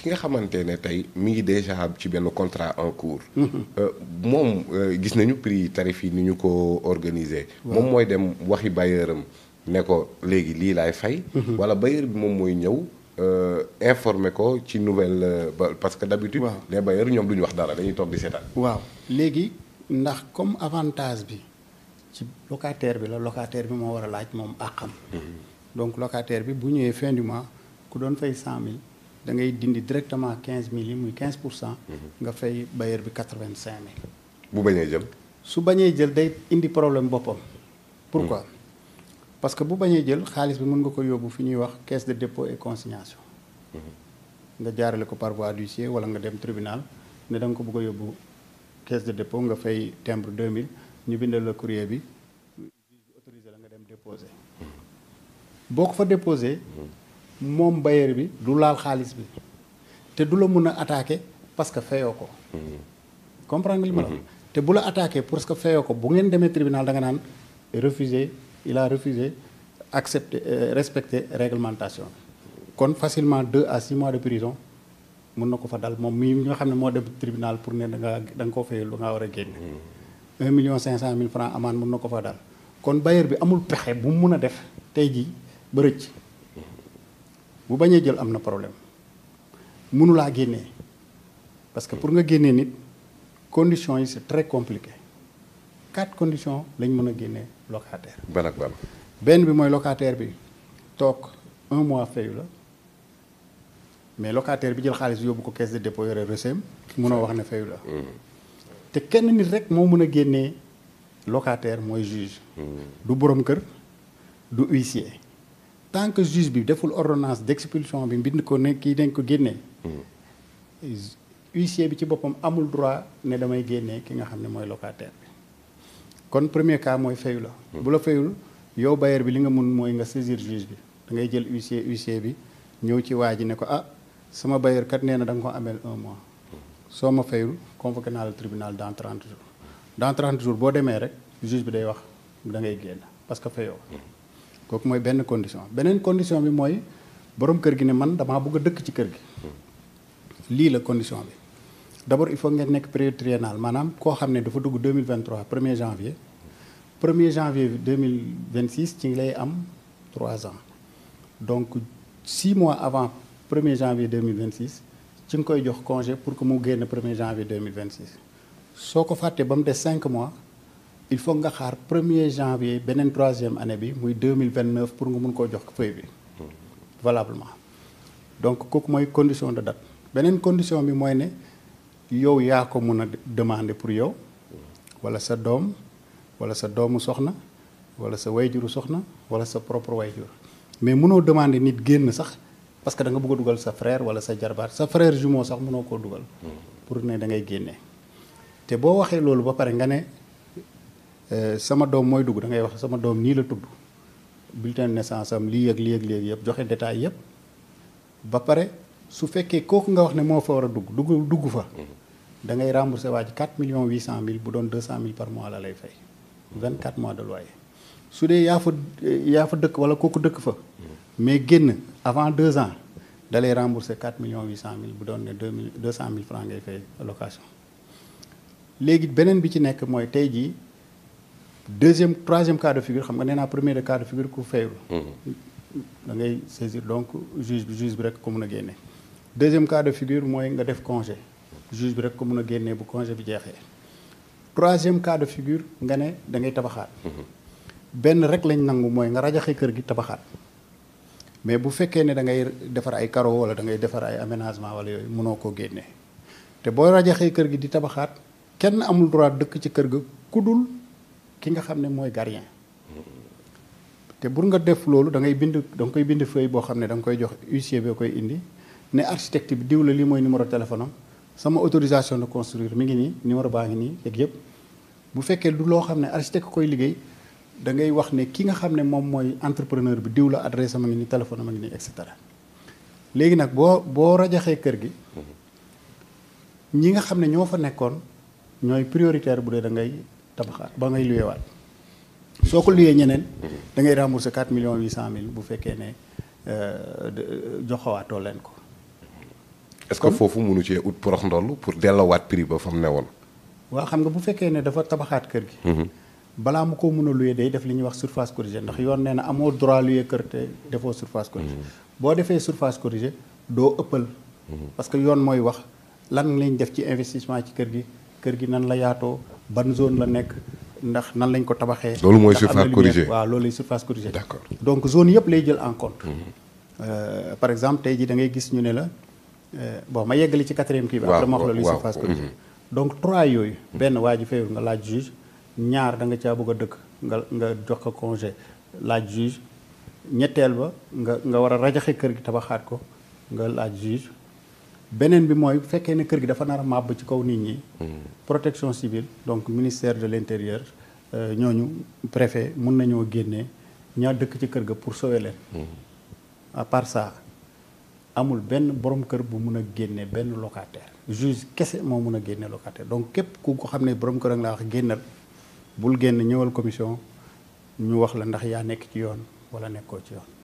ki nga xamante le mi ngi déjà ci contrat en cours. Mhm. Euh, euh, gis nañu prix tarif yi ko organiser. dem waxi ko fay. Mhm. wala bi euh, informer parce que d'habitude les bailleurs ñom duñ wax dara dañuy comme avantage bi ci locataire bi locataire bi mhm. donc locataire bi fin du mois ku doon da ngay dindi directement quinze mille yi muy quinze pour cent. Mhm. nga fay bailleur bi quatre vingt cinq mille. bu bañee jël. su bañee jël day indi problème boppam. pourquoi mhm. parce que bu bañee jël xaalis bi mën nga ko yóbbu fi ñuy wax caisse de dépôt et consignation. Mhm. nga jaarale ko par voie d'huissier wala nga dem tribunal ne da nga ko bëgg yóbbu caisse de dépôt nga fay timbre 2000 ñu bindal la courrier bi autorisé la nga dem déposé. boo ko fa déposé. moom bailleur bi du laal xaalis bi te du la mun a parce que fayoo ko. comprendre nga li ma la mhm. te bu la attaqué parce que fayoo ko bu ngeen demee tribunal da nga nan refuser il a refusé accepté euh, respecter réglementation kon facilement 2 à 6 mois de prison mun nako fa dal mom mii nga xam ne dem tribunal pour né da nga da nga koo lu nga wara a 1 mhm. un million cinq cent francs amane mun nako fa dal kon bailleur bi amul pexé bu mu def tay ji ba bu bañee jël amna na problème mënulaa génnee parce que pour nga génnee nit conditions c'est très compliqué quatre conditions lañ mëna a locataire. ban ak ben benn bi moy locataire bi tok un mois fayu la mais locataire bi jël xaalis yobou ko caisse de dépôt yore reseem mënoo wax né fayu la. Mm. té kenn nit rek mo mëna a locataire moy juge. Mm. du borom kër du huissier. tant que juge bi deful ordonnance d'expulsion bi mbind ko ne ki dañ ko génnee huissier bi ci boppam amul droit ne damay génnee ki nga xam ne mooy locataire bi kon premier cas mooy fayu la hmm. bu la fayul yow bailleur bi li nga mun mooy nga saisir juge bi da ngay jël huissier huissier bi ñëw ci waa ji ne ko ah sama bailleur kat nee na da ko amee un mois hmm. soo ma fayul convoqué naa la tribunal dans 30 jours jour boo demee rek juge bi day wax da ngay génn parce que fayoo hmm. kooku mooy benn condition beneen condition bi mooy borom kër gi ne man dama bëgg a dëkk ci kër gi lii la condition d'abord il faut ngeen nekk période triennale maanaam koo xam ne dafa dugg 2023 1er janvier 1er janvier 2026 ci lay am 3 ans donc 6 mois avant 1er janvier 2026 ci nga koy jox congé pour que mu génn 1er janvier 2026 soo ko fàttee ba mu des 5 mois il faut nga 1 premier janvier beneen troisième année bi muy deux pour nga mun koo jox feuille bi valablement donc kooku une condition de date beneen condition bi mooy ne yow ya ko mun demander pour yow wala sa dom, wala sa dom soxna wala sa wayjuru soxna wala sa propre wayjur mais mënoo demander nit génn sax parce que da nga bëgg a dugal sa frère wala sa jarbaat sa frère jumeau sax mënoo ko dugal hmm. pour ne da ngay génnee té bo waxé loolu ba paré nga né Eh, sama dom moy dug da ngay wax sama dom ni la tudd bulletin naissance am li ak li ak lii yeb joxe detail yeb ba pare su fekkee kooku nga wax ne mo fa wara dug dug dug fa mhm. da ngay rembourser waji 4 millions 800 mille bu don 200 mille par mois la lay fay 24 mois de loyer su dee ya fa ya fa dëkk wala kooku dëkk fa mhm. mais génn avant 2 ans d'aller rembourser 4 millions 800 mille bu don ne 200 mille francs ngay fay location légui benen bi ci nek moy tay ji deuxième troisième cas de figure xam nga nee naa premier cas de figure ku fayul. Mm-hmm. da ngay saisir donc juge juge bi rek ko mun a génne. deuxième cas de figure mooy nga def congé juge bi rek ko mun a génne bu congé bi jeexee troisième cas de figure nga ne da ngay tabaxaat. Mm-hmm. benn rek lañ nangu moy nga rajaxé kër gi tabaxat mais bu féké né da ngay defar ay carreaux wala da ngay defar ay aménagement wala yoy mëno ko génne té boo rajaxé kër gi di tabaxat kenn amul droit dëkk ci kër ga kudul ki nga xam ne mooy gardien te pour nga def loolu da ngay bind da koy bind feuille boo xam ne da nga koy jox huissier bi koy indi ne architecte bi diw la lii mooy numéro téléphone sama autorisation de construire mi ngi nii numéro baa ngi nii yeeg yëpp bu fekkee lu loo xam ne architecte koy liggéey da ngay wax ne ki nga xam ne moom mooy entrepreneur bi diw la adresse am a ngi nii téléphone am a ngi nii et léegi nag boo boo rajaxee kër gi ñi nga xam ne ñoo fa nekkoon ñooy prioritaire bu dee da ngay tabaxaat ba ngay waat soo ko luyee ñeneen. Mm-hmm. da ngay rembourser million millions 800 mille bu fekkee ne euh, euh, joxawaatoo leen ko. est-ce que foofu mënu cee ut porox ndoll pour delloowaat prix ba fa mu ne woon. waa xam nga bu fekkee ne dafa tabaxaat kër gi. Mm-hmm. balaa mu ko mën a luye day def li ñuy wax surface corrigée ndax yoon nee amoo droit luye kër te defoo surface corrigée. Mm-hmm. boo defee surface corrigée doo ëppal. parce que yoon mooy wax lan lañ def ci investissement ci kër gi kër gi nan la yaatoo. ban zone la nekk ndax nan lañ ko tabaxee. loolu mooy surface corrigée waaw loolu lay surface corrigée. d'accord donc zone yëpp lay jël en compte. Mhm. Euh, par exemple tey jii da ngay gis ñu ne la euh, boo ma yeggalee ci quatrième kii bi. waaw waaw après ma wax la luy surface corrigée. Mhm. donc trois yooyu. Mhm. benn waa ji fayul nga laaj juge ñaar da nga caa bëgg a dëkk nga nga jox ko congé laaj juge ñetteel ba nga nga war a rajaxe kër gi tabaxaat ko nga laaj juge. benen bi moy bu ne kër gi dafa nar mab ci kaw nit ñi. Hmm. protection civile donc ministère de l'intérieur intérieur préfet mun nañoo génne ña dëkk ci kër ga pour sauver hmm. à part ça amul ben borom kër bu mëna a ben locataire juge kese moo mun a locataire donc képp ku ko xamné ne borom kër nga wax génnal bul génn ñëwal commission ñu wax la ndax ya nekk ci yoon ci yoon.